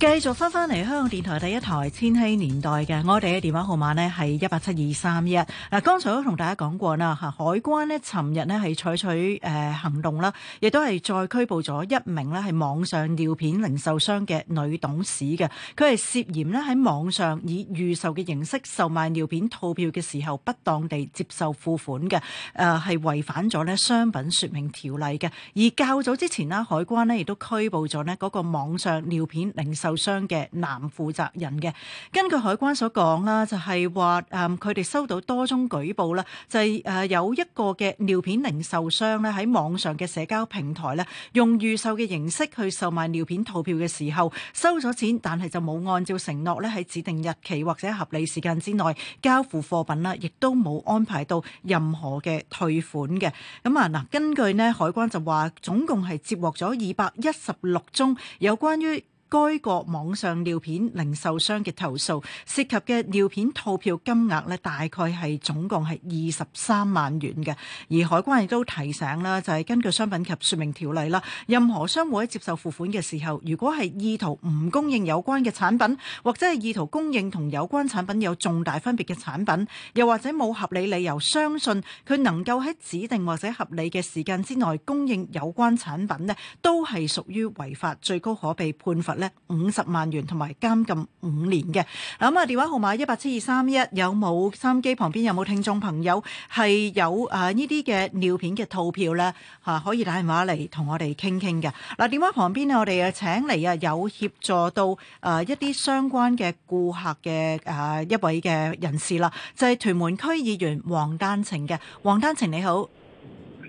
繼續翻翻嚟香港電台第一台《千禧年代》嘅，我哋嘅電話號碼呢係一八七二三一。嗱，剛才都同大家講過啦，嚇海關呢尋日呢係採取誒行動啦，亦都係再拘捕咗一名呢係網上尿片零售商嘅女董事嘅。佢係涉嫌呢喺網上以預售嘅形式售賣尿片套票嘅時候，不當地接受付款嘅，誒係違反咗呢商品說明條例嘅。而較早之前啦，海關呢亦都拘捕咗呢嗰個網上尿片零售。受傷嘅男負責人嘅，根據海關所講啦，就係話誒，佢哋收到多宗舉報啦，就係誒有一個嘅尿片零售商咧喺網上嘅社交平台咧，用預售嘅形式去售賣尿片套票嘅時候收咗錢，但係就冇按照承諾咧喺指定日期或者合理時間之內交付貨品啦，亦都冇安排到任何嘅退款嘅。咁啊嗱，根據呢，海關就話，總共係接獲咗二百一十六宗有關於。該國網上尿片零售商嘅投訴，涉及嘅尿片套票金額大概係總共係二十三萬元嘅。而海關亦都提醒啦，就係、是、根據商品及說明條例啦，任何商戶喺接受付款嘅時候，如果係意圖唔供應有關嘅產品，或者係意圖供應同有關產品有重大分別嘅產品，又或者冇合理理由相信佢能夠喺指定或者合理嘅時間之內供應有關產品呢，都係屬於違法，最高可被判罰五十萬元同埋監禁五年嘅，咁啊電話號碼一八七二三一，有冇收音機？旁邊有冇聽眾朋友係有啊？呢啲嘅尿片嘅套票咧嚇、啊，可以打電話嚟同我哋傾傾嘅。嗱、啊，電話旁邊咧，我哋啊請嚟啊有協助到啊一啲相關嘅顧客嘅啊一位嘅人士啦、啊，就係、是、屯門區議員黃丹晴嘅。黃丹晴你好，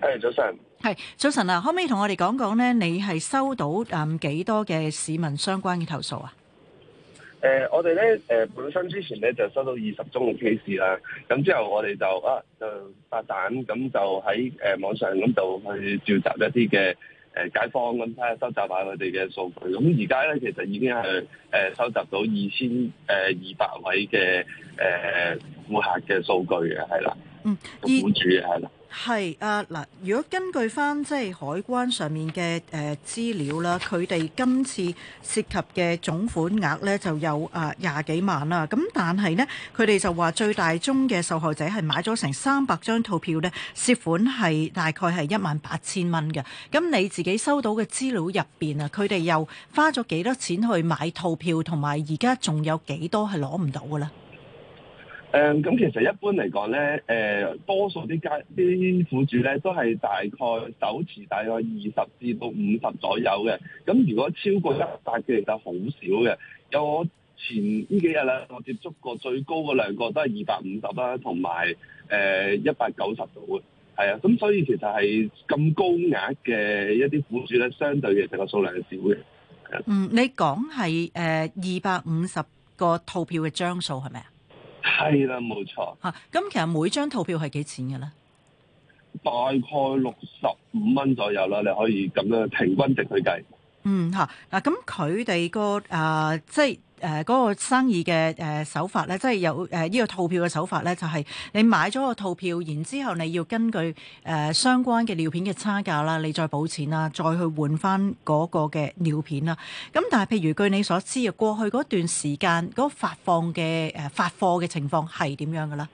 誒早晨。係，早晨啊，可唔可以同我哋講講咧？你係收到誒幾多嘅市民相關嘅投訴啊？誒、呃，我哋咧誒，本身之前咧就收到二十宗嘅 case 啦。咁之後我哋就啊、呃、就發蛋，咁就喺誒網上咁度去召集一啲嘅誒街坊，咁睇下收集下佢哋嘅數據。咁而家咧其實已經係誒、呃、收集到二千誒二百位嘅誒顧客嘅數據嘅，係啦。嗯，店主係啦。係啊，嗱，如果根據翻即係海關上面嘅誒資料啦，佢哋今次涉及嘅總款額呢就有誒廿幾萬啦。咁但係呢，佢哋就話最大宗嘅受害者係買咗成三百張套票，呢涉款係大概係一萬八千蚊嘅。咁你自己收到嘅資料入邊啊，佢哋又花咗幾多錢去買套票，同埋而家仲有幾多係攞唔到嘅咧？誒，咁、嗯、其實一般嚟講咧，誒、呃，多數啲家啲苦主咧都係大概手持大概二十至到五十左右嘅，咁如果超過一百嘅其實好少嘅。有我前呢幾日咧，我接觸過最高嗰兩個都係二百五十啦，同埋誒一百九十度嘅，係啊。咁所以其實係咁高額嘅一啲苦主咧，相對其實個數量係少嘅。嗯，你講係誒二百五十個套票嘅張數係咪啊？係啦，冇錯。吓，咁、啊、其實每張套票係幾錢嘅咧？大概六十五蚊左右啦，你可以咁樣平均值去計。嗯，吓、啊，嗱，咁佢哋個誒，即係。誒嗰個生意嘅誒手法咧，即係有誒呢個套票嘅手法咧，就係你買咗個套票，然之後你要根據誒相關嘅尿片嘅差價啦，你再補錢啦，再去換翻嗰個嘅尿片啦。咁但係，譬如據你所知啊，過去嗰段時間嗰個發放嘅誒發貨嘅情況係點樣嘅咧？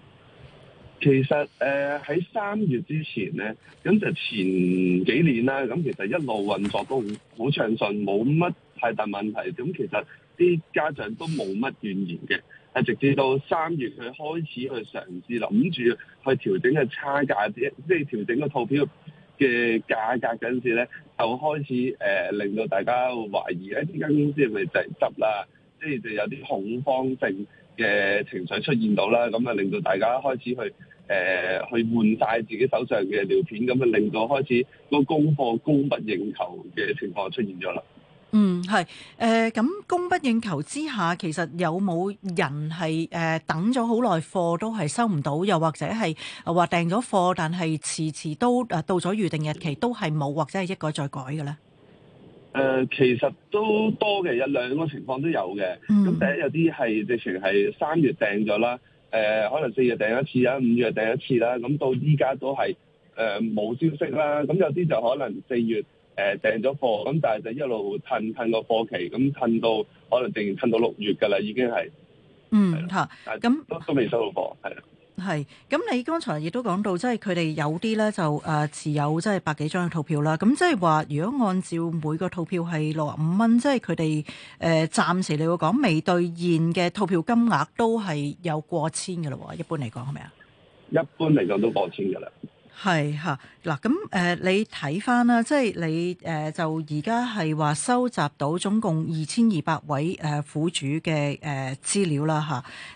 其實誒喺三月之前咧，咁就前幾年啦，咁其實一路運作都好暢順，冇乜太大問題。咁其實。啲家長都冇乜怨言嘅，係直至到三月佢開始去嘗試諗住去調整個差價，即係調整個套票嘅價格嗰陣時咧，就開始、呃、令到大家會懷疑咧呢間公司係咪就係執啦，即係就有啲恐慌性嘅情緒出現到啦，咁啊令到大家開始去、呃、去換晒自己手上嘅尿片，咁啊令到開始個供貨供不應求嘅情況出現咗啦。嗯，係，誒、呃，咁供不應求之下，其實有冇人係誒、呃、等咗好耐，貨都係收唔到，又或者係話訂咗貨，但係遲遲都誒到咗預定日期都係冇，或者係一改再改嘅咧？誒、呃，其實都多嘅，一兩個情況都有嘅。咁、嗯、第一，有啲係直情係三月訂咗啦，誒、呃，可能四月訂一次啦，五月訂一次啦，咁到依家都係誒冇消息啦。咁有啲就可能四月。誒，訂咗貨咁，但係就一路褪褪個貨期，咁褪到可能淨褪到六月噶啦，已經係。嗯吓，咁的、嗯、都未、嗯、收到貨，係咯。係，咁你剛才亦都講到，即係佢哋有啲咧就誒、呃、持有，即係百幾張嘅套票啦。咁即係話，如果按照每個套票係六十五蚊，即係佢哋誒暫時你會講未兌現嘅套票金額都係有過千噶啦，一般嚟講係咪啊？一般嚟講都過千噶啦。係嚇嗱，咁誒、啊呃、你睇翻啦，即、就、係、是、你誒、呃、就而家係話收集到總共二千二百位誒苦、呃、主嘅誒、呃、資料啦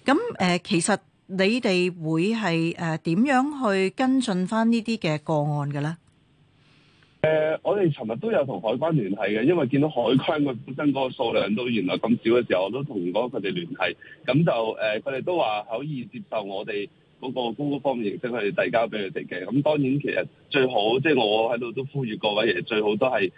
嚇，咁、啊、誒、呃、其實你哋會係誒點樣去跟進翻呢啲嘅個案嘅咧？誒、呃，我哋尋日都有同海關聯繫嘅，因為見到海關佢本身嗰個數量都原來咁少嘅時候，我都同嗰佢哋聯繫，咁就誒佢哋都話可以接受我哋。嗰個 Google 方面亦都係遞交俾佢哋嘅，咁當然其實最好即係、就是、我喺度都呼籲各位其實最好都係去、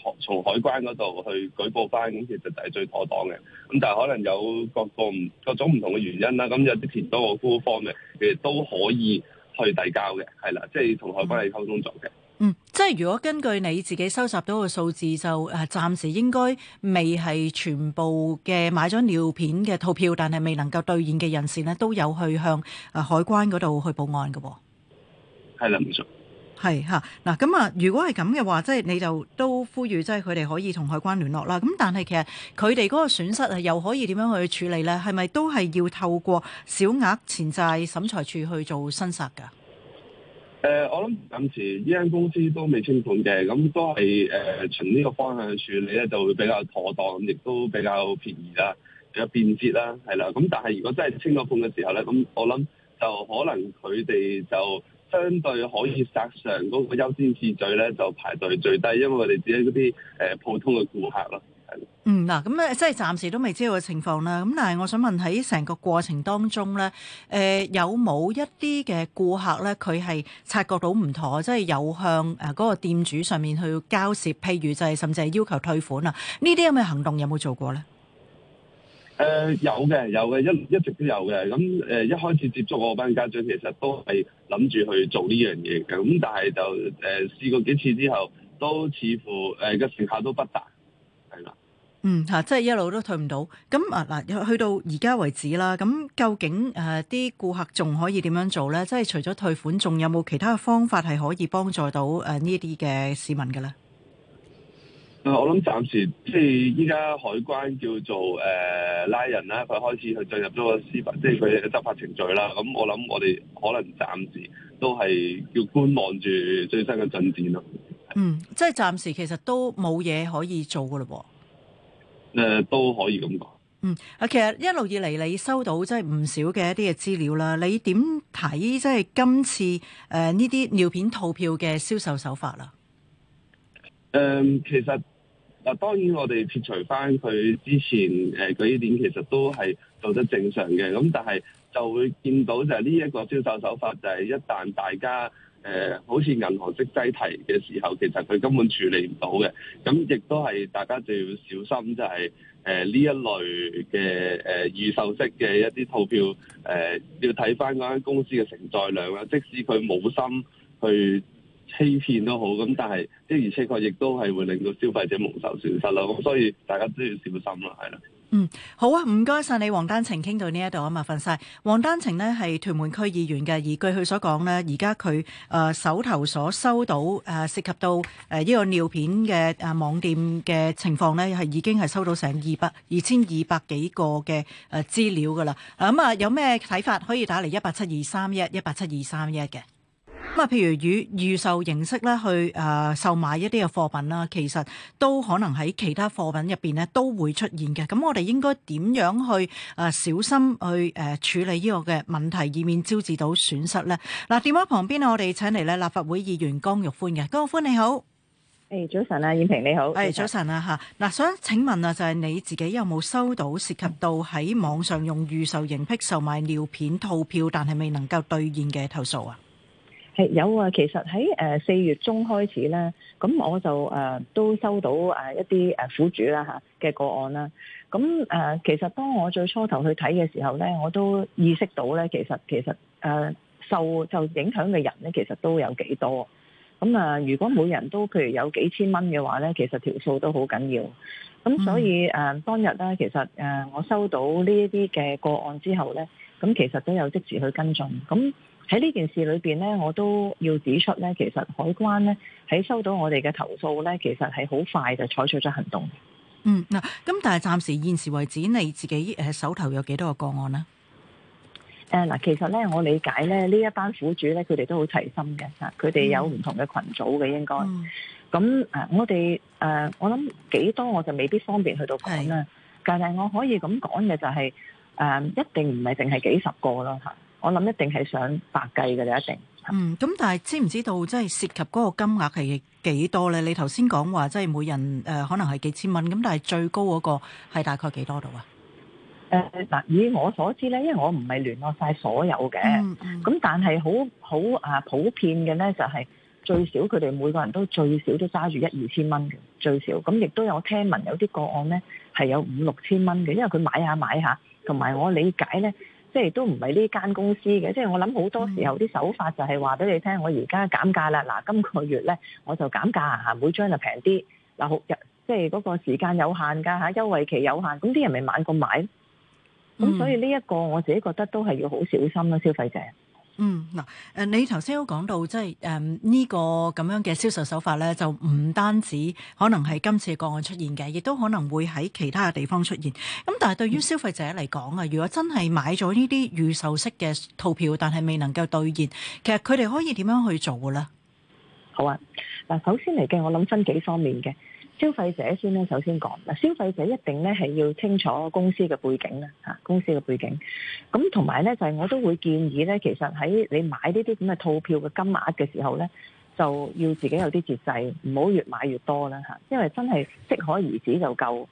呃、從海關嗰度去舉報返，咁其實就係最妥當嘅。咁但係可能有各個唔各種唔同嘅原因啦，咁有啲填多個 Google 方面，其實都可以去遞交嘅，係啦，即係同海關係溝通咗嘅。嗯，即係如果根據你自己收集到嘅數字，就誒暫時應該未係全部嘅買咗尿片嘅套票，但係未能夠兌現嘅人士咧，都有去向誒海關嗰度去報案嘅？係啦，唔該。係吓，嗱咁啊，如果係咁嘅話，即係你就都呼籲，即係佢哋可以同海關聯絡啦。咁但係其實佢哋嗰個損失啊，又可以點樣去處理咧？係咪都係要透過小額錢債審裁處去做申索噶？誒、呃，我諗暫時呢間公司都未清盤嘅，咁都係誒從呢個方向處理咧，就會比較妥當，亦都比較便宜啦，比較便捷啦，係啦。咁但係如果真係清咗盤嘅時候咧，咁我諗就可能佢哋就相對可以殺上嗰個優先次序咧，就排隊最低，因為佢哋只係嗰啲誒普通嘅顧客咯。嗯，嗱，咁咧，即係暫時都未知道嘅情況啦。咁，但係我想問喺成個過程當中咧，誒，有冇一啲嘅顧客咧，佢係察覺到唔妥，即係有向誒嗰個店主上面去交涉，譬如就係甚至係要求退款啊？呢啲咁嘅行動有冇做過咧？誒，有嘅，有嘅，一一直都有嘅。咁誒，一開始接觸我班家長，其實都係諗住去做呢樣嘢嘅。咁但係就誒試過幾次之後，都似乎誒嘅成效都不大。嗯吓、啊，即係一路都退唔到。咁啊嗱，去到而家為止啦。咁究竟誒，啲、啊、顧客仲可以點樣做咧？即係除咗退款，仲有冇其他嘅方法係可以幫助到誒呢啲嘅市民嘅咧？我諗暫時即係依家海關叫做誒、呃、拉人啦，佢開始去進入咗個司法，即係佢嘅執法程序啦。咁我諗我哋可能暫時都係要觀望住最新嘅進展咯。嗯，即係暫時其實都冇嘢可以做噶啦。誒、呃，都可以咁講。嗯，啊，其實一路以嚟你收到即係唔少嘅一啲嘅資料啦。你點睇即係今次誒呢啲尿片套票嘅銷售手法啦？誒、呃，其實嗱、呃，當然我哋撇除返佢之前誒嗰啲點，其實都係做得正常嘅。咁但係就會見到就係呢一個銷售手法就係一旦大家。誒、呃，好似銀行式擠提嘅時候，其實佢根本處理唔到嘅，咁亦都係大家就要小心，就係，就係呢一類嘅誒、呃、預售式嘅一啲套票，呃、要睇翻嗰間公司嘅承載量，即使佢冇心去欺騙都好，咁但係的而且確亦都係會令到消費者蒙受損失啦。咁所以大家都要小心啦，係啦。嗯，好啊，唔該晒你，黃丹晴，傾到呢一度啊嘛，麻煩晒，黃丹晴咧係屯門區議員嘅，而據佢所講咧，而家佢誒手頭所收到誒、呃、涉及到誒呢、呃、這個尿片嘅誒、呃、網店嘅情況咧，係已經係收到成二百二千二百幾個嘅誒、呃、資料噶啦，咁、嗯、啊、呃、有咩睇法可以打嚟，一八七二三一一八七二三一嘅。咁啊，譬如以預售形式咧去誒售賣一啲嘅貨品啦，其實都可能喺其他貨品入邊呢都會出現嘅。咁我哋應該點樣去誒小心去誒處理呢個嘅問題，以免招致到損失呢？嗱，電話旁邊我哋請嚟咧立法會議員江玉歡嘅江玉歡你好，誒早晨啊，燕平你好，誒早晨啊吓嗱，安想請問啊，就係你自己有冇收到涉及到喺網上用預售形式售賣尿片套票，但係未能夠兌現嘅投訴啊？係有啊，其實喺誒四月中開始咧，咁我就誒、呃、都收到誒一啲誒苦主啦嚇嘅個案啦。咁誒、呃、其實當我最初頭去睇嘅時候咧，我都意識到咧，其實其實誒受就影響嘅人咧，其實都有幾多。咁啊，如果每人都譬如有幾千蚊嘅話咧，其實條數都好緊要。咁所以誒、呃嗯、當日咧，其實誒、呃、我收到呢一啲嘅個案之後咧，咁其實都有即時去跟進咁。喺呢件事裏邊咧，我都要指出咧，其實海關咧，喺收到我哋嘅投訴咧，其實係好快就採取咗行動。嗯，嗱，咁但係暫時現時為止，你自己誒手頭有幾多個個案咧？誒，嗱，其實咧，我理解咧，呢一班苦主咧，佢哋都好齊心嘅吓，佢哋有唔同嘅群組嘅應該。咁誒、嗯呃，我哋誒，我諗幾多我就未必方便去到講啦。是但係我可以咁講嘅就係、是，誒、呃，一定唔係淨係幾十個咯吓。我諗一定係想白計嘅你一定。嗯，咁但係知唔知道即係涉及嗰個金額係幾多咧？你頭先講話即係每人誒、呃、可能係幾千蚊，咁但係最高嗰個係大概幾多度啊？誒，嗱，以我所知咧，因為我唔係聯絡晒所有嘅，咁、嗯嗯、但係好好啊普遍嘅咧就係、是、最少佢哋每個人都最少都揸住一二千蚊嘅最少，咁亦都有我聽聞有啲個案咧係有五六千蚊嘅，因為佢買一下買一下，同埋我理解咧。即係都唔係呢間公司嘅，即係我諗好多時候啲手法就係話俾你聽，我而家減價啦，嗱，今個月咧我就減價啊，每張就平啲，嗱，有即係嗰個時間有限㗎嚇，優惠期有限，咁啲人咪買過買，咁所以呢一個我自己覺得都係要好小心咯，消費者。嗯嗱，誒你頭先都講到即係誒呢個咁樣嘅銷售手法咧，就唔單止可能係今次個案出現嘅，亦都可能會喺其他嘅地方出現。咁但係對於消費者嚟講啊，如果真係買咗呢啲預售式嘅套票，但係未能夠兌現，其實佢哋可以點樣去做嘅咧？好啊，嗱，首先嚟嘅我諗分幾方面嘅。消費者先咧，首先講嗱，消費者一定咧係要清楚公司嘅背景啦，嚇公司嘅背景。咁同埋咧就係我都會建議咧，其實喺你買呢啲咁嘅套票嘅金額嘅時候咧，就要自己有啲節制，唔好越買越多啦，嚇，因為真係適可而止就夠。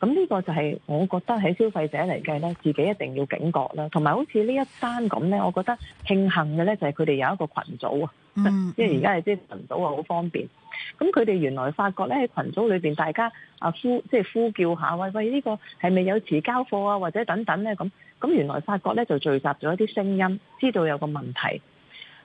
咁呢個就係我覺得喺消費者嚟計咧，自己一定要警覺啦。同埋好似呢一單咁咧，我覺得慶幸嘅咧就係佢哋有一個羣組啊。嗯，即係而家係即係群組啊，好方便。咁佢哋原來發覺咧喺群組裏邊，大家啊呼，即係呼叫下，喂喂，呢個係咪有遲交貨啊？或者等等咧咁。咁原來發覺咧就聚集咗一啲聲音，知道有個問題。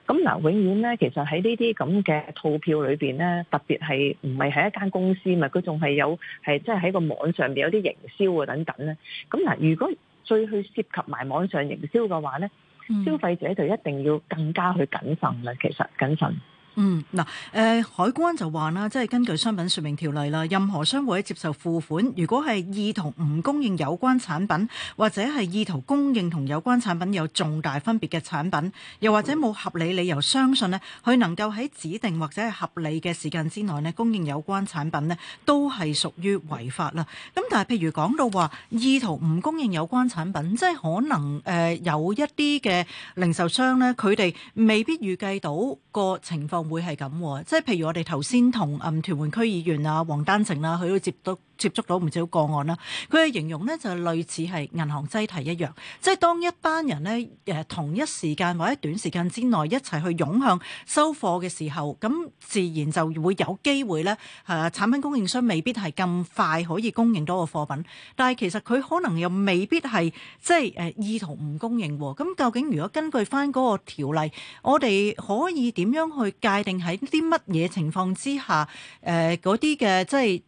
咁嗱，永遠咧其實喺呢啲咁嘅套票裏邊咧，特別係唔係喺一間公司咪？佢仲係有係即係喺個網上邊有啲營銷啊等等咧。咁嗱，如果再去涉及埋網上營銷嘅話咧？嗯、消費者就一定要更加去謹慎啦，其實謹慎。嗯，嗱、呃，誒海關就話啦，即係根據商品說明條例啦，任何商戶喺接受付款，如果係意圖唔供應有關產品，或者係意圖供應同有關產品有重大分別嘅產品，又或者冇合理理由相信咧，佢能夠喺指定或者係合理嘅時間之內咧供應有關產品咧，都係屬於違法啦。咁但係譬如講到話意圖唔供應有關產品，即係可能誒、呃、有一啲嘅零售商咧，佢哋未必預計到個情況。會係咁，喎，即係譬如我哋頭先同嗯屯門區議員啊黃丹晴啦，啊，佢都接到。接觸到唔少個案啦，佢嘅形容咧就係類似係銀行擠提一樣，即係當一班人咧誒同一時間或者短時間之內一齊去湧向收貨嘅時候，咁自然就會有機會咧誒、啊、產品供應商未必係咁快可以供應到個貨品，但係其實佢可能又未必係即係誒意圖唔供應喎，咁究竟如果根據翻嗰個條例，我哋可以點樣去界定喺啲乜嘢情況之下誒嗰啲嘅即係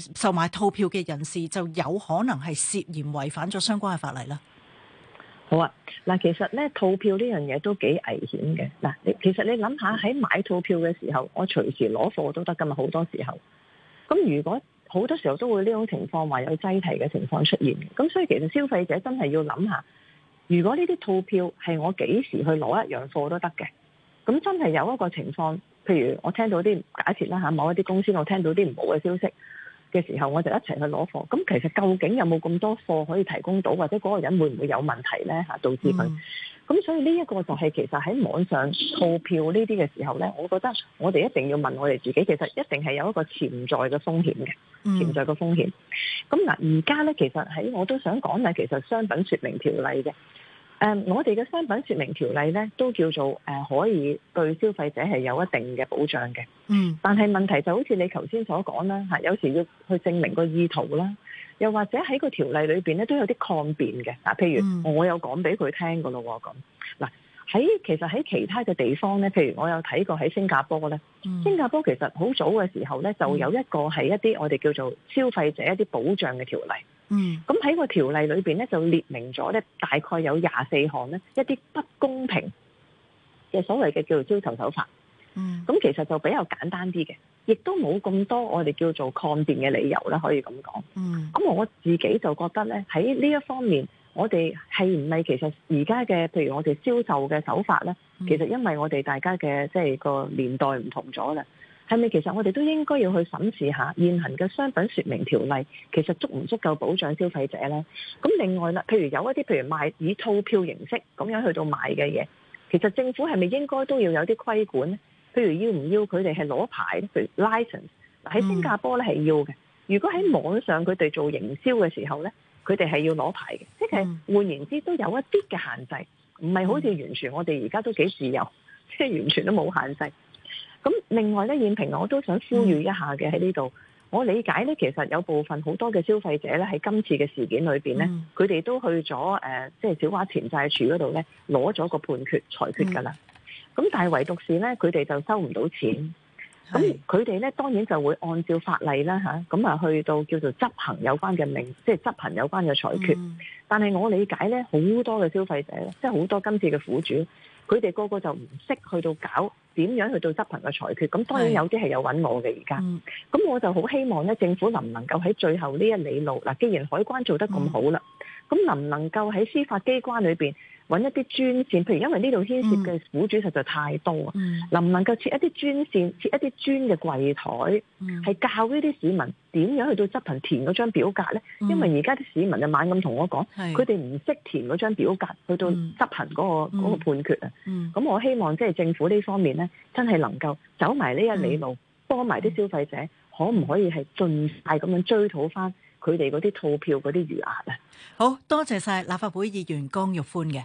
誒售賣。套票嘅人士就有可能係涉嫌違反咗相關嘅法例啦。好啊，嗱，其實咧套票呢樣嘢都幾危險嘅。嗱，你其實你諗下喺買套票嘅時候，我隨時攞貨都得㗎嘛，好多時候。咁如果好多時候都會呢種情況，話有擠提嘅情況出現，咁所以其實消費者真係要諗下，如果呢啲套票係我幾時去攞一樣貨都得嘅，咁真係有一個情況，譬如我聽到啲，假設啦嚇，某一啲公司我聽到啲唔好嘅消息。嘅時候，我就一齊去攞貨。咁其實究竟有冇咁多貨可以提供到，或者嗰個人會唔會有問題呢？嚇，導致佢。咁、嗯、所以呢一個就係其實喺網上套票呢啲嘅時候呢，我覺得我哋一定要問我哋自己，其實一定係有一個潛在嘅風險嘅，潛在嘅風險。咁嗱，而家呢，其實喺我都想講呢其實商品說明條例嘅。Um, 我哋嘅商品說明條例咧，都叫做、呃、可以對消費者係有一定嘅保障嘅。嗯，但係問題就好似你頭先所講啦，嚇，有時要去證明個意圖啦，又或者喺個條例裏邊咧都有啲抗辯嘅。嗱、嗯，譬如我有講俾佢聽㗎咯喎，咁嗱喺其實喺其他嘅地方咧，譬如我有睇過喺新加坡咧，嗯、新加坡其實好早嘅時候咧，就有一個係一啲我哋叫做消費者一啲保障嘅條例。嗯，咁喺個條例裏面咧，就列明咗咧大概有廿四項咧，一啲不公平嘅所謂嘅叫做招售手法。嗯，咁其實就比較簡單啲嘅，亦都冇咁多我哋叫做抗辯嘅理由啦。可以咁講。嗯，咁我自己就覺得咧喺呢一方面，我哋係唔係其實而家嘅譬如我哋銷售嘅手法咧，嗯、其實因為我哋大家嘅即係個年代唔同咗啦。係咪其實我哋都應該要去審視下現行嘅商品說明條例，其實足唔足夠保障消費者咧？咁另外啦，譬如有一啲譬如賣以套票形式咁樣去到賣嘅嘢，其實政府係咪應該都要有啲規管咧？譬如要唔要佢哋係攞牌咧？譬如 license 嗱喺新加坡咧係要嘅。如果喺網上佢哋做營銷嘅時候咧，佢哋係要攞牌嘅，即係換言之都有一啲嘅限制，唔係好似完全我哋而家都幾自由，即係完全都冇限制。咁另外咧，燕平我都想呼籲一下嘅喺呢度，嗯、我理解咧，其實有部分好多嘅消費者咧喺今次嘅事件裏面咧，佢哋、嗯、都去咗即係小額錢債處嗰度咧攞咗個判決裁決噶啦。咁、嗯、但係唯獨是咧，佢哋就收唔到錢。咁佢哋咧當然就會按照法例啦吓，咁啊去到叫做執行有關嘅命，即係執行有關嘅裁決。嗯、但係我理解咧，好多嘅消費者即係好多今次嘅苦主。佢哋個個就唔識去到搞點樣去到執行嘅裁決，咁當然有啲係有搵我嘅而家，咁我就好希望咧，政府能唔能夠喺最後呢一里路，嗱，既然海關做得咁好啦，咁能唔能夠喺司法機關裏面。揾一啲專線，譬如因為呢度牽涉嘅苦主實在太多啊，嗯、能唔能夠設一啲專線，設一啲專嘅櫃台，係、嗯、教呢啲市民點樣去到執行填嗰張表格呢？嗯、因為而家啲市民就猛咁同我講，佢哋唔識填嗰張表格，去到執行嗰、那個嗰、嗯、判決啊。咁、嗯、我希望即係政府呢方面呢，真係能夠走埋呢一里路，嗯、幫埋啲消費者，嗯、可唔可以係盡快咁樣追討翻佢哋嗰啲套票嗰啲餘額啊？好多謝晒立法會議員江玉歡嘅。